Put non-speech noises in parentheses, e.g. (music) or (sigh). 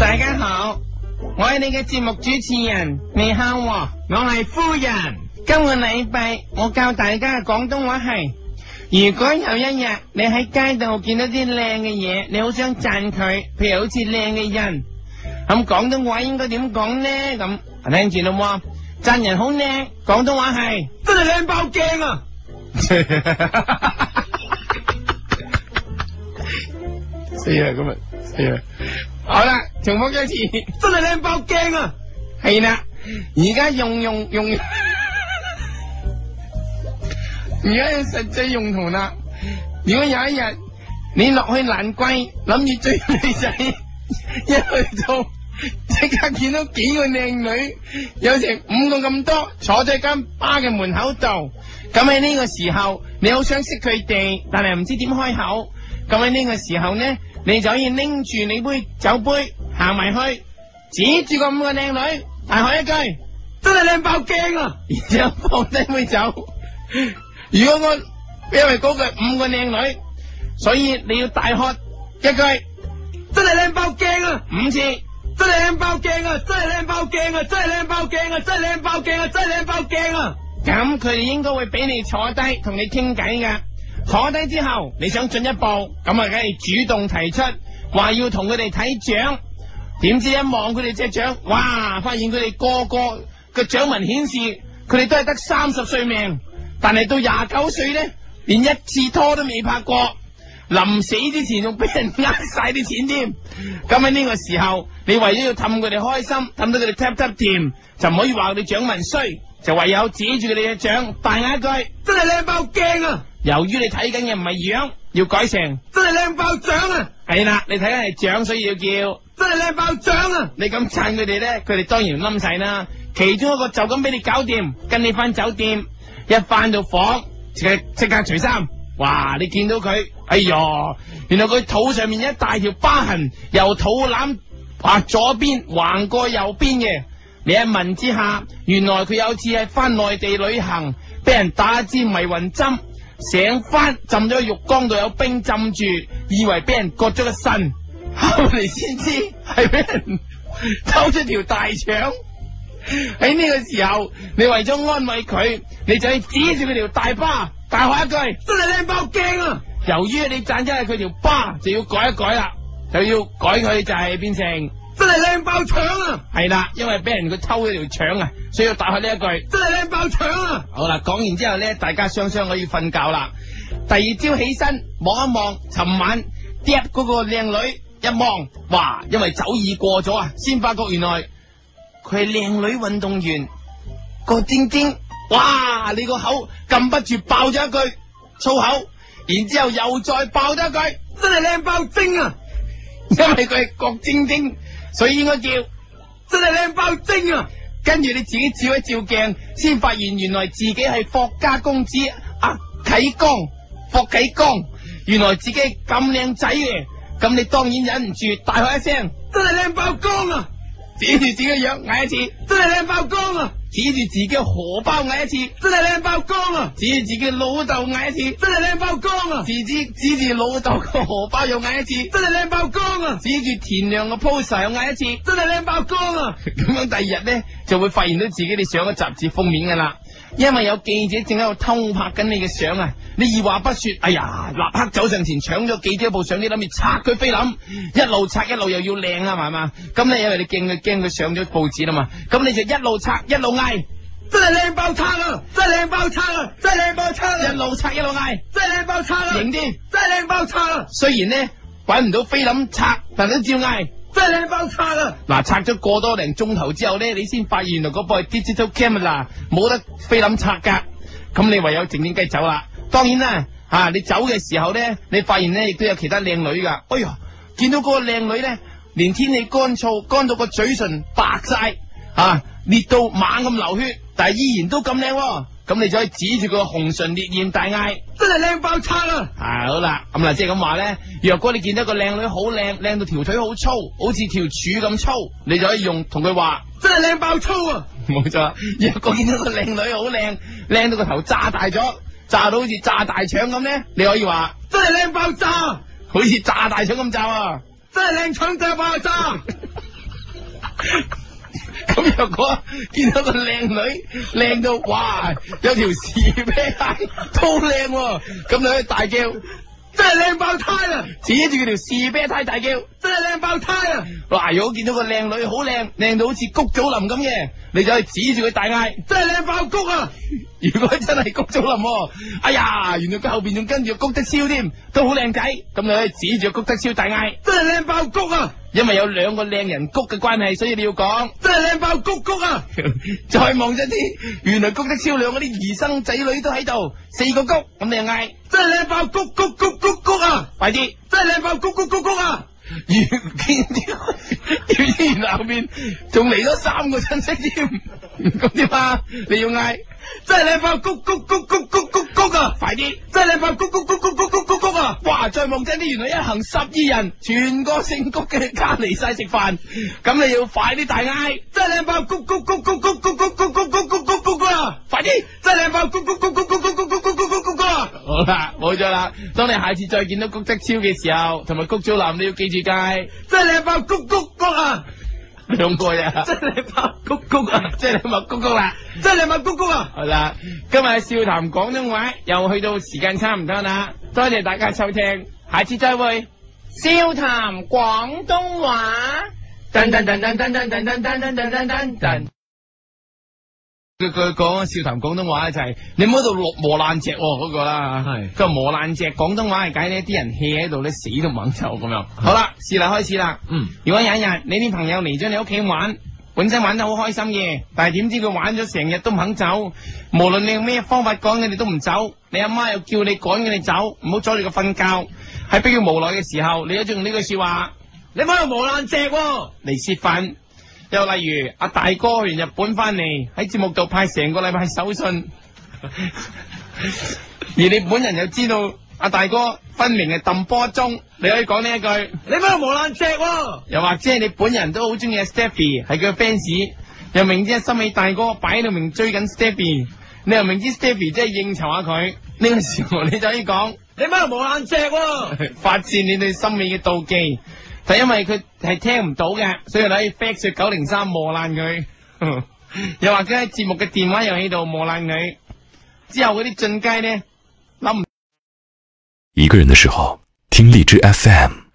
大家好，我係你嘅節目主持人，你喊我，我係夫人。今個禮拜我教大家嘅廣東話係，如果有一日你喺街度見到啲靚嘅嘢，你好想讚佢，譬如好似靚嘅人，咁廣東話應該點講呢？咁聽住咯，喎？讚人好靚，廣東話係真係靚爆鏡啊！死死是啊，咁啊，係啊，好啦，重複一次，真係靚爆鏡啊，係啦，而家用用用，而家有實際用途啦。如果有一日你落去蘭桂諗住追女仔，一去到即刻見到幾個靚女，有成五個咁多坐咗間巴嘅門口度，咁喺呢個時候。你好想識佢哋，但係唔知點開口。咁喺呢個時候呢，你就可以拎住你杯酒杯行埋去，指住個五個靚女，大喝一句：真係靚爆鏡啊！然之後放低杯酒。如果我因為嗰個五個靚女，所以你要大喝一句：真係靚爆鏡啊！五次，真係靚爆鏡啊！真係靚爆鏡啊！真係靚爆鏡啊！真係靚爆鏡啊！真係靚爆鏡啊！咁佢哋應該會俾你坐低同你傾偈㗎，坐低之後你想進一步，咁啊梗係主動提出話要同佢哋睇獎。點知一望佢哋隻獎，哇！發現佢哋個個嘅獎文顯示，佢哋都係得三十歲命，但係到廿九歲呢，連一次拖都未拍過。臨死之前仲俾人呃晒啲錢添。咁喺呢個時候，你為咗要氹佢哋開心，氹到佢哋 tap tap 掂，就唔可以話佢獎文衰。就唯有指住你嘅掌，大嗌一句，真係靚爆鏡啊！由於你睇緊嘅唔係樣，要改成真係靚爆掌啊！係啦，你睇緊係掌，所以要叫真係靚爆掌啊！你咁襯佢哋咧，佢哋當然冧晒啦。其中一個就咁俾你搞掂，跟你翻酒店，一翻到房，即刻即刻除衫。哇！你見到佢，哎喲，原來佢肚上面一大條疤痕，由肚腩啊左邊橫過右邊嘅。你一問之下，原來佢有次喺翻內地旅行，俾人打支迷魂針，醒翻浸咗浴缸度有冰浸住，以為俾人割咗個腎，後嚟先知係俾人抽出條大腸。喺 (laughs) 呢個時候，你為咗安慰佢，你就要指住佢條大疤，大喊一句：真係靚爆鏡啊！」由於你斬咗係佢條疤，就要改一改啦，就要改佢就係變成。真係靚爆腸啊！係啦了，因為俾人佢偷咗條腸啊，所以要打開呢一句，真係靚爆腸啊！好啦，講完之後咧，大家雙雙可以瞓覺啦。第二朝起身望一望，尋晚嗒嗰個靚女一望，哇！因為酒意過咗啊，先發覺原來佢係靚女運動員郭晶晶。哇！你個口禁不住，爆咗一句粗口，然之後又再爆咗一句真係靚爆精啊！因為佢係郭晶晶。所以應該叫真係靚爆精啊！跟住你自己照一照鏡，先發現原來自己係霍家公子啊。啟剛，霍啟剛，原來自己咁靚仔嘅，咁你當然忍唔住大喝一聲：真係靚爆光啊！指住自己嘅樣嗌一次： (laughs) 真係靚爆光啊！指住自己荷包嗌一次，真係靚爆鏡啊！指住自己老豆嗌一次，真係靚爆鏡啊！指指指住老豆個荷包又嗌一次，真係靚爆鏡啊！指住田亮個 pose 又嗌一次，真係靚爆鏡啊！咁樣第二日咧，就會發現到自己你上嘅雜誌封面噶啦。因為有記者正喺度偷拍緊你嘅相啊，你二話不說，哎呀，立刻走上前搶咗記者部相，你諗住拆佢菲林，一路拆一路又要靚啊係嘛，咁咧因為你驚佢驚佢上咗報紙啦嘛，咁你就一路拆一路嗌，真係靚爆叉啊，真係靚爆叉啊，真係靚爆叉啊，一路拆一路嗌，真係靚爆叉啊，型啲，真係靚爆叉！啊，點雖然咧揾唔到菲林拆，但都照嗌。真係包拆啦！嗱、啊啊，拆咗過多零鐘頭之後咧，你先發現原來嗰部係 Digital Camera 啦，冇得菲林拆噶。咁你唯有靜靜雞走啦。當然啦，吓、啊、你走嘅時候咧，你發現咧亦都有其他靚女噶。哎呀，見到嗰個靚女咧，連天氣乾燥乾到個嘴唇白晒啊，裂到猛咁流血，但係依然都咁靚，哦。咁你就可以指住佢個紅唇烈焰大嗌，真係靚爆叉啦、啊！係、啊、好啦，咁嗱即係咁話咧。若果你見到個靚女好靚，靚到條腿好粗，好似條柱咁粗，你就可以用同佢話，真係靚爆粗啊！冇錯。若果見到個靚女好靚，靚到個頭炸大咗，炸到好似炸大腸咁咧，你可以話，真係靚爆炸！好似炸大腸咁炸啊！真係靚腸炸爆炸！ (laughs) 咁如果見到個靚女靚到哇，有條士啤呔都靚，咁、啊、你可以大叫，真係靚爆胎啊！指住佢條士啤呔大叫，真係靚爆胎啊！嗱，如果見到個靚女好靚，靚到好似谷祖林咁嘅，你就可以指住佢大嗌，真係靚爆谷啊！如果真係谷祖林、啊，哎呀，原來佢後邊仲跟住谷德超添，都好靚仔，咁你可以指住谷德超大嗌，真係靚爆谷啊！因為有兩個靚人谷嘅關係，所以你要講，真係靚爆谷谷啊！ (laughs) 再望咗啲，原來谷得超量嗰啲兒生仔女都喺度，四個谷，咁你又嗌，真係靚爆谷谷谷谷谷啊！快啲點，真係靚爆谷谷谷谷啊！完邊啲？完邊後邊仲嚟咗三個親戚添，咁點啊？你要嗌，真係你包穀穀穀穀穀穀穀啊！快啲！真係你包穀穀穀穀穀穀穀穀啊！哇！再望真啲，原來一行十二人，全個姓穀嘅家嚟晒食飯，咁你要快啲大嗌！真係你包穀穀穀穀穀穀穀穀穀穀穀穀穀啊！快啲！真係你包穀穀穀穀穀穀穀穀穀穀穀。好啦，冇咗啦。當你下次再見到谷則超嘅時候，同埋谷祖藍，你要記住㗎，真係你係谷谷谷啊，兩過嘅，真係你係谷谷啊，真係你係谷谷啦，真係你係谷谷啊，係啦。今日笑談廣東話又去到時間差唔多啦，多謝大家收聽，下次再會。笑談廣東話。佢佢講笑談廣東話咧、就是，就係你唔好喺度磨爛只嗰個啦，係是，即係磨爛只。廣東話係解呢啲人氣喺度咧，你死都唔肯走咁樣。 (laughs) 好啦，試啦，開始啦。嗯，如果有一日你啲朋友嚟咗你屋企玩，本身玩得好開心嘅，但係點知佢玩咗成日都唔肯走，無論你用咩方法講佢你都唔走，你阿媽又叫你趕佢你走，唔好阻住佢瞓覺。喺比較無奈嘅時候，你都仲用呢句說話： (laughs) 你唔好喺度磨爛只嚟泄憤。又例如阿大哥去完日本翻嚟喺節目度派成個禮拜手信， (laughs) 而你本人又知道阿大哥分明係抌波中，你可以講呢一句：你咩無爛只、啊。又或者你本人都好中意阿 Stephy，係佢嘅 fans，又明知心美大哥擺喺度明追緊 Stephy，你又明知 Stephy 即係應酬下佢，呢、呢個時候你就可以講：你咩無爛只、啊， (laughs) 發泄你對心美嘅妒忌。就因為佢係聽唔到嘅，所以你可以 fax 出九零三磨爛佢， (laughs) 又或者喺節目嘅電話遊戲度磨爛佢。之後啲進階咧諗唔一個人嘅時候聽荔枝 FM。